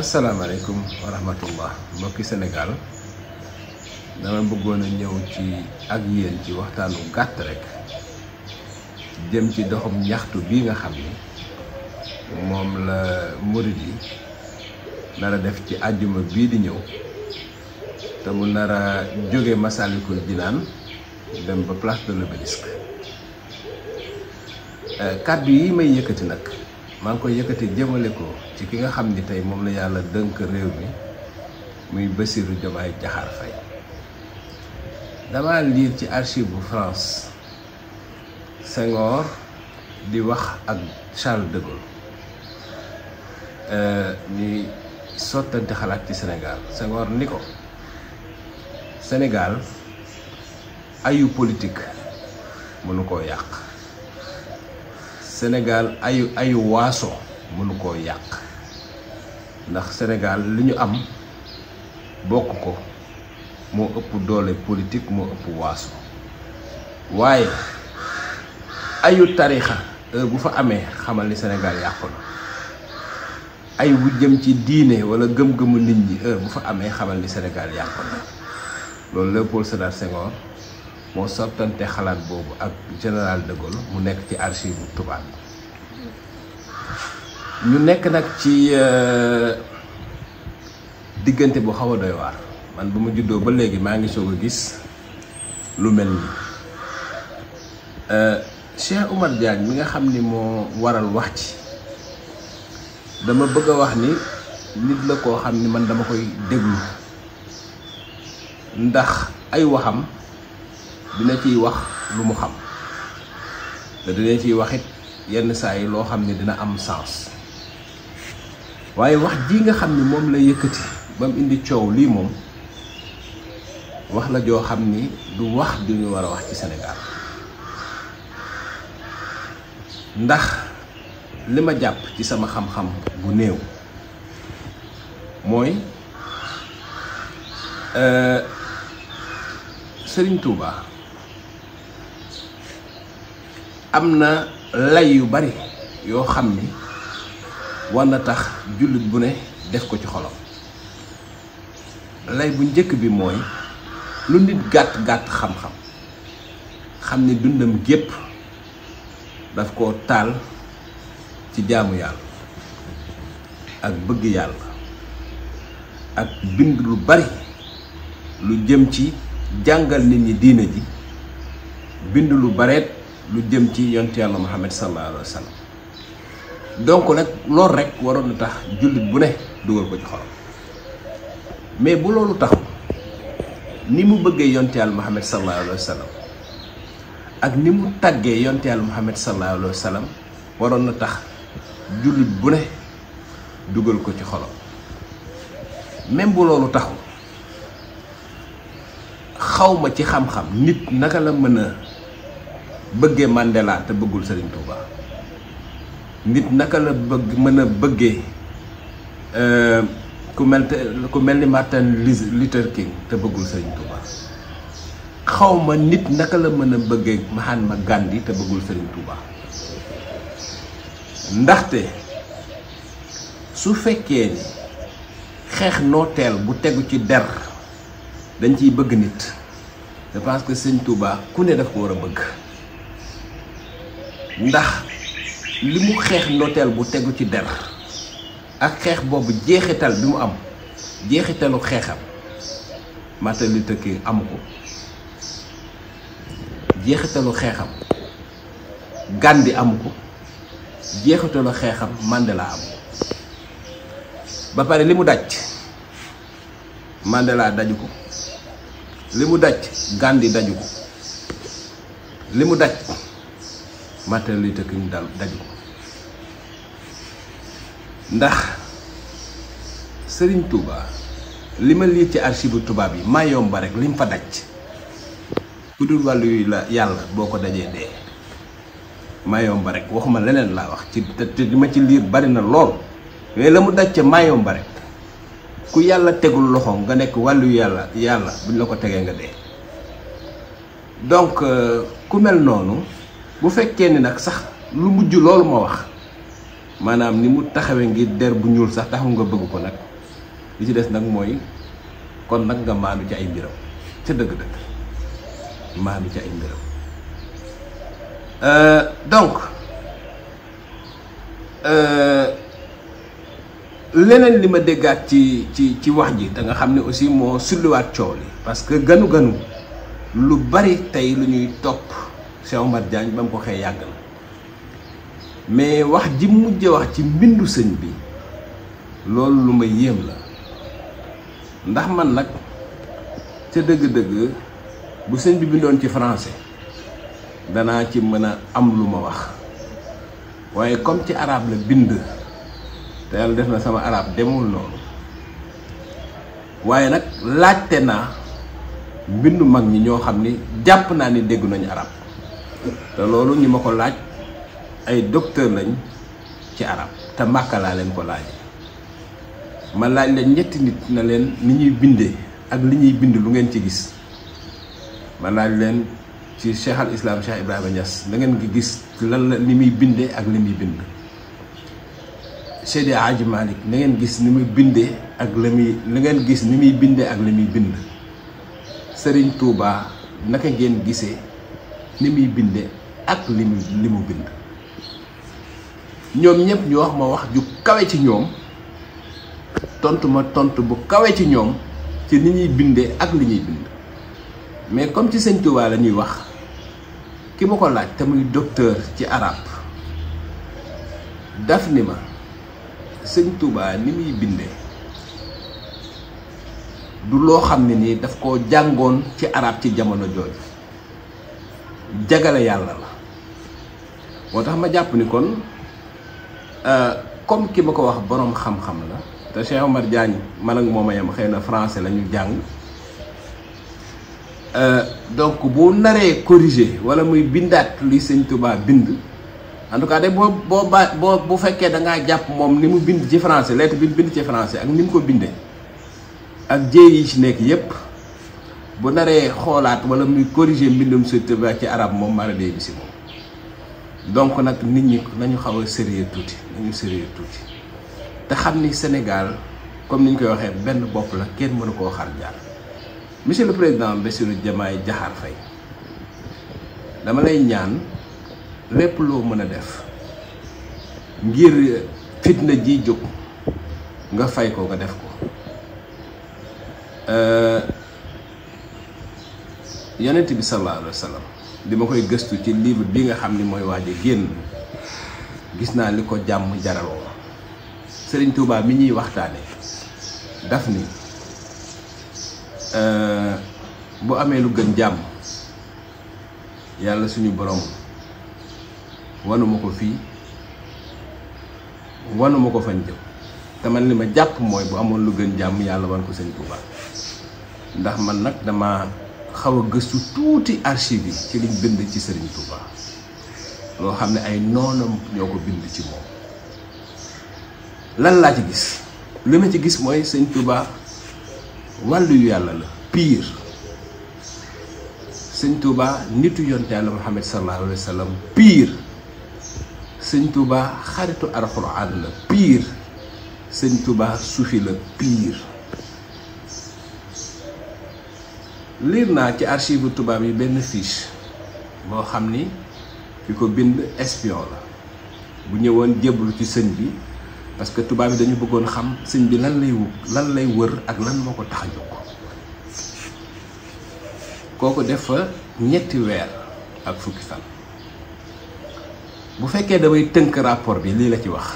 asalaamaaleykum wa rahmatullah mbokki Sénégal dama bëggoon ñëw ci ak yéen ci waxtaanu gàtt rek jëm ci doxum ñaxtu bi nga xam ni moom la murit yi nar def ci àjjuma bii di ñëw te mu nar a jóge Masalikul Jinaan dem ba place de l'Obélisque eh, kàddu yi may yëkkati nag maa ngi koy yëkkati jëmale ko ci ki nga xam ni tey moom la yàlla dënk réew mi muy Bassirou Diomaye Diakhar Faye dama liir ci archive bu France Senghor di wax ak Charles de Gaulle ñuy euh, sottante xalaat ci Sénégal Senghor ni ko senegal ayu politik mënu koo yàq Sénégal ayu ayu waaso mënu koo yàq ndax Sénégal li ñu am bokk ko moo ëpp doole politique moo ëpp waaso waaye ayu tarixa bu fa amee xamal ni Sénégal yàqu ay wu jëm ci diine wala gëm-gëmu nit ñi heure bu fa amee xamal ni Sénégal yàqu na loolu Léopold Sédar Senghor moo sottante xalaat boobu ak général de Gaulle mu nekk ci archive tubaab ñu nekk nag ci euh, diggante bu xaw a doy waar man bu ma juddoo ba léegi maa ngi soog a gis lu mel nii euh, Cheikh Oumar jaan mi nga xam ni moo waral wax ci dama bëgg a wax ni nit la koo xam ni man dama koy déglu ndax ay waxam dina ciy wax lu mu xam te dina ciy waxit yenn saa yi loo xam ne dina am sens waaye wax ji nga xam ni moom la yëkkati ba indi coow lii moom wax la joo xam ni du wax du ñu war a wax ci Sénégal ndax li ma jàpp ci sama xam-xam bu néew mooy euh, sëriñ tuuba am na lay yu bari yoo xam ni war na tax jullit bu ne def ko ci xolam lay bu njëkk bi mooy lu nit gàtt gàtt xam-xam xam ni dundam gépp daf ko taal ci jaamu yàlla ak bëgg yàlla ak bind lu bari lu jëm ci jàngal nit ñi diina ji bind lu bareet lu jëm ci yonent yàlla Muhammad sallallahu alayhi wa sallam donc nag loolu rek waroon na tax jullit bu ne dugal ko ci xolam mais bu loolu taxul ni mu bëggee yonent yàlla Muhammad sallallahu ak ni mu tàggee yonent yàlla Muhammad sallallahu waroon na tax jullit bu ne ko ci xolam même bu loolu xawma ci xam-xam nit naka la mën a bëggee Mandela te bëggul Serigne Touba nit naka la bëgg mën a bëggee euh, ku mel te ku mel ni Martin Luther King te bëggul Serigne Touba xaw ma nit naka la mën a bëggee Mahatma Gandhi te bëggul Serigne Touba ndaxte su fekkee xeex nooteel bu tegu ci der dañ ciy bëgg nit je pense que Serigne Touba ku ne daf ko war a bëgg. ndax li mu xeex ndoteel bu tegu ci der ak xeex boobu jeexital bi mu am jeexitalu xeexam Martin Luther King amu ko jeexitalu xeexam Gandhi amu ko jeexitalu xeexam laa am ba pare li mu daj laa daju ko li mu daj Gandhi daju ko li mu daj Martin Luther King dal daj ko ndax sëriñ Touba li ma lii ci archive tubaab yi maa yomba li lim fa daj ku dul wàllu yu la yàlla boo ko dajee dee Mayomba rek waxuma leneen laa wax ci te li ma ci liir bari na lool mais la mu daj ca Mayomba rek ku yàlla tegul loxoom nga nekk wàllu yàlla yàlla buñ la ko tegee nga dee donc euh, ku mel noonu. bu fekkee ni nag sax lu mujj loolu ma wax maanaam ni mu taxawee ngir der bu ñuul sax taxaw nga bëgg ko nag li ci des nag mooy kon nag nga maanu ci ay mbiram ca dëgg-dëgg maanu ci ay mbiram euh, donc euh, leneen li ma déggaat ci ci ci wax ji danga xam ne aussi moo sulliwaat coow li parce que ganu-ganu lu bari tey lu ñuy topp sew Omar Diagne ba mu ko xëy yàgg na mais wax ji mujj wax ci mbindu sëñ bi loolu lu ma yéem la ndax man nag ca dëgg-dëgg bu sëñ bi bindoon ci français danaa ci mën a am lu ma wax waaye comme ci arab la bind te yàlla def na sama arab demul noonu waaye nag laajte naa mbindu mag ñi ñoo xam ni jàpp naa ni dégg nañu arab te loolu ñi ma ko laaj ay docteur lañ ci arab te Màkka laa leen ko laaj ma laaj leen ñetti nit na leen ni ñuy bindee ak li ñuy bind lu ngeen ci gis ma laaj leen ci cheikh islaam islam cheikh Ibrahima Niass ngeen gi gis lan la ni muy bindee ak li muy bind Seydi Hadji Malick na ngeen gis ni muy bindee ak la muy na gis ni muy bindee ak li muy bind Serigne Touba naka ngeen gisee ni muy bindee ak li mu li mu bind ñoom ñëpp ñu wax ma wax ju kawe ci ñoom tontu ma tontu bu kawe ci ñoom ci ni ñuy bindee ak li ñuy bind mais comme ci Sëñ Tuubaa la ñuy wax ki ma ko laaj te muy docteur ci arab daf ni ma Sëñ Tuubaa ni muy bindee du loo xam ne nii daf ko jàngoon ci arab ci jamono jooju jagale yàlla la moo tax ma jàpp ni kon euh, comme ki ma ko wax boroom xam-xam la te Cheikh Omar Diagne man ak moom a yem xëy na français la ñu jàng euh, donc bu naree corriger wala muy bindaat luy sëñ tubaab bind en tout cas de boo boo ba boo bu fekkee da ngaa jàpp moom ni mu bind ci français lettre bi mu bind ci français ak ni mu ko bindee ak jéey yi ci nekk yépp bu naree xoolaat wala muy corriger mbindum Sëriñ Tuubaa ci arab moom mara dee bi si moom donc nag nit ñi nañu xaw a tuuti nañu sérieux tuuti te xam ni Sénégal comme ni ñu koy waxee benn bopp la kenn mënu koo xar jaar monsieur le président Bassirou Diomaye Diakhar Faye dama lay ñaan lépp loo mën a def ngir fitna ji jóg nga fay ko nga def ko. Euh, yonent bi sallallahu alayhi wa sallam bi ma koy gëstu ci livre bi nga xam ni mooy waaj a génn gis naa li ko jàmm jaraloo Sëriñ Tuubaa mi ñuy waxtaane daf ni euh, bu amee lu gën jàmm yàlla suñu borom wanuma ko fii wanuma ko fañ jëm te man li ma jàpp mooy bu amoon lu gën jàmm yàlla wan ko Sëriñ Tuubaa ndax man nag dama xaw a gëstu tuuti archive yi ci liñ bind ci Serigne Touba loo xam ne ay noonam ñoo ko bind ci moom lan laa ci gis li ma ci gis mooy Serigne Touba wàllu yu yàlla la piir Serigne Touba nitu yonte yàlla Muhammad sallallahu alayhi wa sallam pire Serigne Touba xaritu la pire Serigne Touba sufi la pire. liir naa ci archive tubaab yi benn fiche boo xam ni ki ko bind espion la bu ñëwoon jébbalu ci sëñ bi parce que tubaab yi dañu bëggoon xam sëñ bi lan lay lan lay wër ak lan moo ko tax a jóg kooku def fa ñetti weer ak fukki fan bu fekkee damay tënk rapport bi lii la ci wax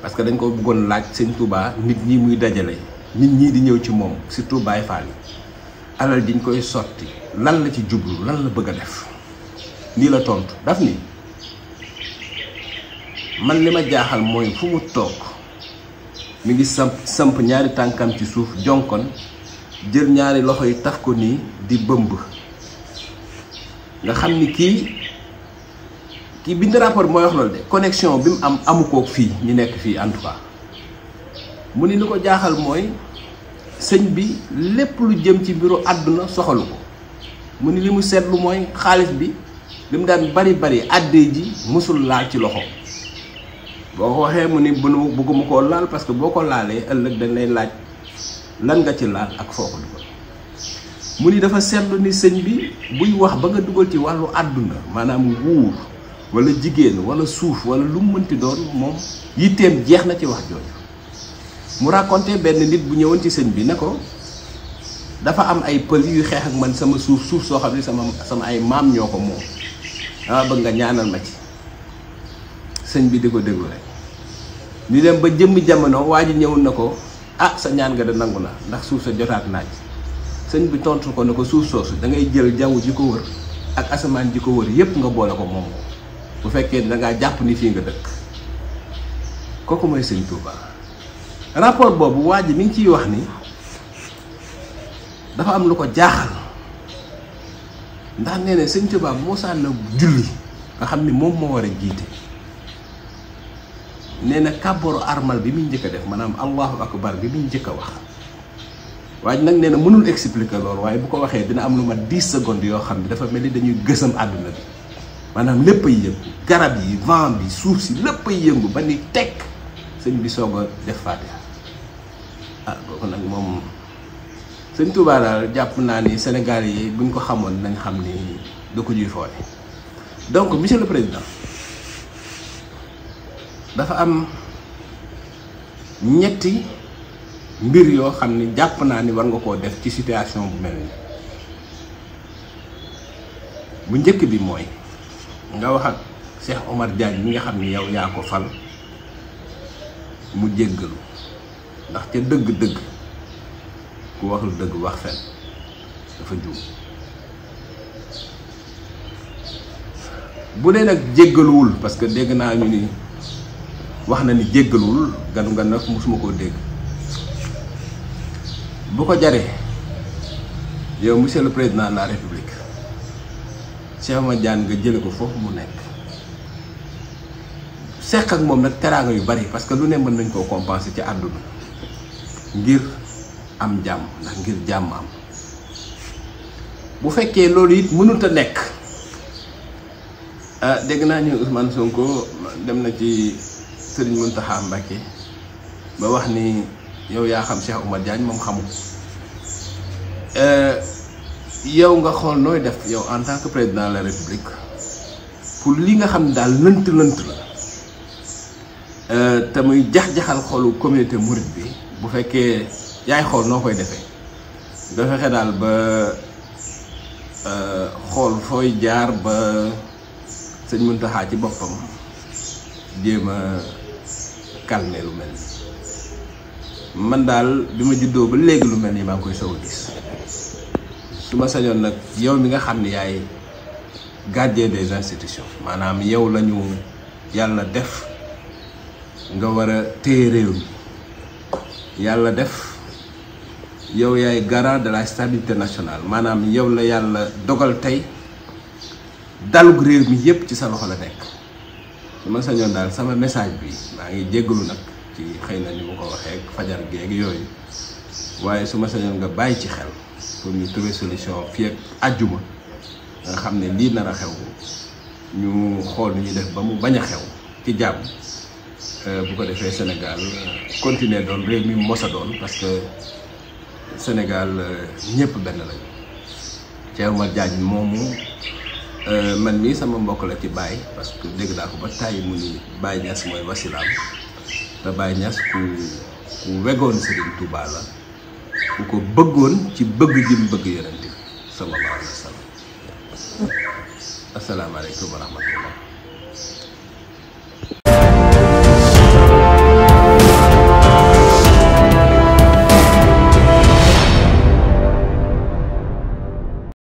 parce que dañ ko bëggoon laaj sëñ Touba nit ñi muy dajale. nit ñii di ñëw ci moom surtout baay Fall yi alal diñ koy sotti lan la ci jublu lan la bëgg a def nii la tontu daf ni man li ma jaaxal mooy fu mu toog mu ngi samp samp ñaari tànkam ci suuf jonkon jël ñaari loxo yi taf ko nii di bëmb nga xam ni kii kii bind rapport mooy wax loolu de connexion bi mu am amu koog fii ñu nekk fii en mu ni lu ko jaaxal mooy sëñ bi lépp lu jëm ci mbiru àdduna soxalu ko mu ni li mu seetlu mooy xaalis bi li mu daan bari bari àddee ji mosul laal ci loxo boo ko waxee mu ni bunu bëgguma koo laal parce que boo ko laalee ëllëg dañ lay laaj lan nga ci laal ak foo ko dugal mu ni dafa seetlu ni sëñ bi buy wax ba nga dugal ci wàllu àdduna maanaam nguur wala jigéen wala suuf wala lu mënti doon moom yitteem jeex na ci wax jooju mu raconté benn nit bu ñëwoon ci sëñ bi ne ko dafa am ay pël yu xeex ak man sama suuf suuf soo xam ne sama sama ay maam ñoo ko moom dama bëgg nga ñaanal ma ci sëñ bi di ko déglu rek ñu dem ba jëmmi jamono waa ji ñëw na ko ah sa ñaan nga da nangu na ndax suuf sa jotaat naaj sëñ bi tontu ko ne ko suuf soosu da ngay jël jaww ji ko wër ak asamaan ji ko wër yépp nga boole ko moom ko bu fekkee da ngaa jàpp ni fii nga dëkk kooku mooy sëñ Tuubaa rapport boobu waa ji mi ngi ciy wax ni dafa am lu ko jaaxal ndax nee na sëñ Tuubaa Moussa la julli nga xam ni moom moo war a jiite nee na kàbbaru armal bi muy njëkk def maanaam allahu akbar bi muy njëkk a wax waaye nag nee mënul expliquer loolu waaye bu ko waxee dina am lu ma dix secondes yoo xam ne dafa mel ni dañuy gësëm àdduna bi maanaam lépp ay yëngu garab yi vent bi suuf si lépp ay yëngu ba ni tekk sëñ bi soog a def fatiha ah kooku nag moom sëñ Touba jàpp naa ni Sénégal yi buñ ko xamoon nañ xam ni du ko ñuy fooy donc monsieur le président dafa am ñetti mbir yoo xam ni jàpp naa ni war nga koo def ci situation bu mel nii bu njëkk bi mooy nga wax ak Cheikh Omar Diagne mi nga xam ni yow yaa ko fal mu jéggalu ndax ca dëgg-dëgg ku waxul dëgg wax fen dafa juum bu dee nag jéggaluwul parce que dégg naa ñu ni wax na ni jéggaluwul gan nga mosuma koo dégg bu ko jaree yow monsieur le président de la république Cheikh nga jële ko foofu mu nekk seq ak moom nag teraanga yu bari parce que lu ne mën nañ koo compenser ci àdduna ngir am jàmm ndax ngir jàmm am bu fekkee loolu it mënuta a nekk ah, dégg naa ñu Ousmane Sonko dem na ci Serigne Mountakha Mbacké ba wax ni yow yaa xam Cheikh Oumar Diagne moom xamul eh, yow nga xool nooy def yow en tant que président de la république pour li nga xam ne daal lënt lënt la eh, te muy jax-jaxal xolu communauté mouride bi bu fekkee yaay xool noo koy defee nga fexe daal ba euh, xool fooy jaar ba sëñ Muntaxa ci boppam jéem a calmer lu mel ni man daal bi ma juddoo ba léegi lu mel ni maa ngi koy sow gis su ma sañoon nag yow mi nga xam ne yaay gardien des institutions maanaam yow lañu yàlla def nga war a téye réew mi yàlla def yow yaay garant de la stabilité nationale maanaam yow la yàlla dogal tey dalug réew mi yépp ci sa loxo la nekk su ma sañoon daal sama message bi maa ngi jéggalu nag ci xëy na ni mu ko waxee ak fajar geeg yooyu waaye su ma sañoon nga bàyyi ci xel pour ñu trouver solution fii ak àjjuma nga xam ne lii nar a xew ñu xool nu ñuy def ba mu bañ a xew ci jàmm Euh, bu ko defee Sénégal euh, continuer doon réew mi mos doon parce que Sénégal euh, ñëpp benn lañu Cheikh ma Diagne moomu man mii sama mbokk la ci Baye parce que dégg naa ko ba tàyyi mu ni Baye Niass mooy wasilaam te Baye Niass ku ku wegoon Serigne Touba la ku ko bëggoon ci bëgg ji mu bëgg yonent bi sallallahu alayhi wa sallam asalaamaaleykum